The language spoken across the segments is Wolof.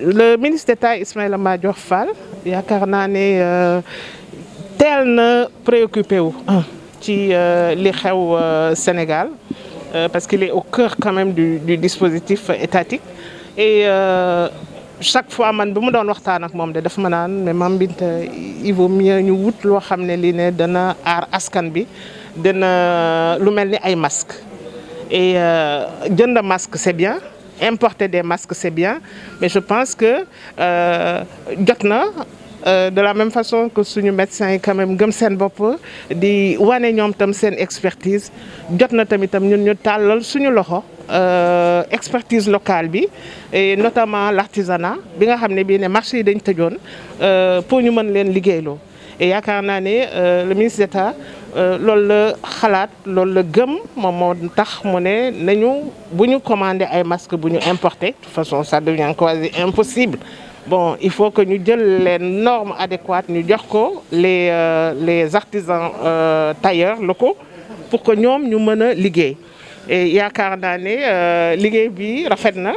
le ministre d'État Ismaël Madior Fall y a un tel na préoccupé wu ah. ci euh, li euh, Sénégal euh, parce qu'il est au cœur quand même du dispositif étatique et chaque fois man je mu doon ak me de daf il vaut mieux ñu wut loo xam ne dana bi masque et masque c'est bien importer des masques, c'est bien, mais je pense que euh, euh, de la même façon que suñu médecins yi quand même gëm seen bopp di wane ñoom tam seen expertise jot na tamit tam ñun ñu suñu loxo euh, expertise locale bi et notamment l'artisanat bi nga xam ne bii ne marché yi euh, pour ñu mën leen liggéeyloo et a naa années, euh, le ministre d'État le xalat le la gëm tax nañu masques de toute façon ça devient quasi impossible bon il faut que nous jël les normes adéquates ñu les euh, les artisans euh, tailleurs locaux pour que nous ñu nous a et nous bi Rafetna,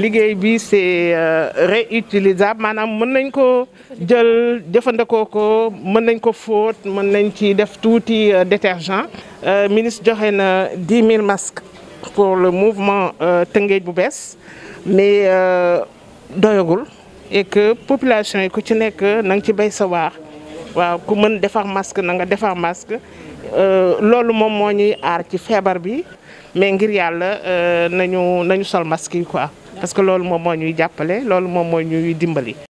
liggéey bi c'est euh, réutilisable manam mën nañ ko jël jëfandikoo ko mën nañ ko fóot mën nañ ci def touti euh, détergent euh ministre joxe na dix masques pour le mouvement euh, Tëngéej bu bess mais euh doyagul et que population ko ci nek nang ci bay sa waar waaw ku mën defar masque nga defar masque euh lolu mom moñuy ar ci fièvre bi mais ngir yalla euh nañu nañu sol masque quoi parce que loolu moom moo ñuy jàppale loolu moom moo ñuy dimbali.